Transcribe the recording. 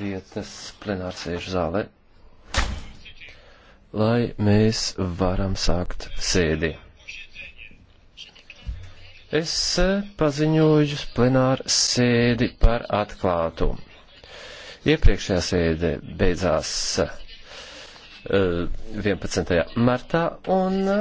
vietas plenārsēžu zālē, lai mēs varam sākt sēdi. Es paziņoju plenāru sēdi par atklātu. Iepriekšējā sēde beidzās 11. Eh, martā un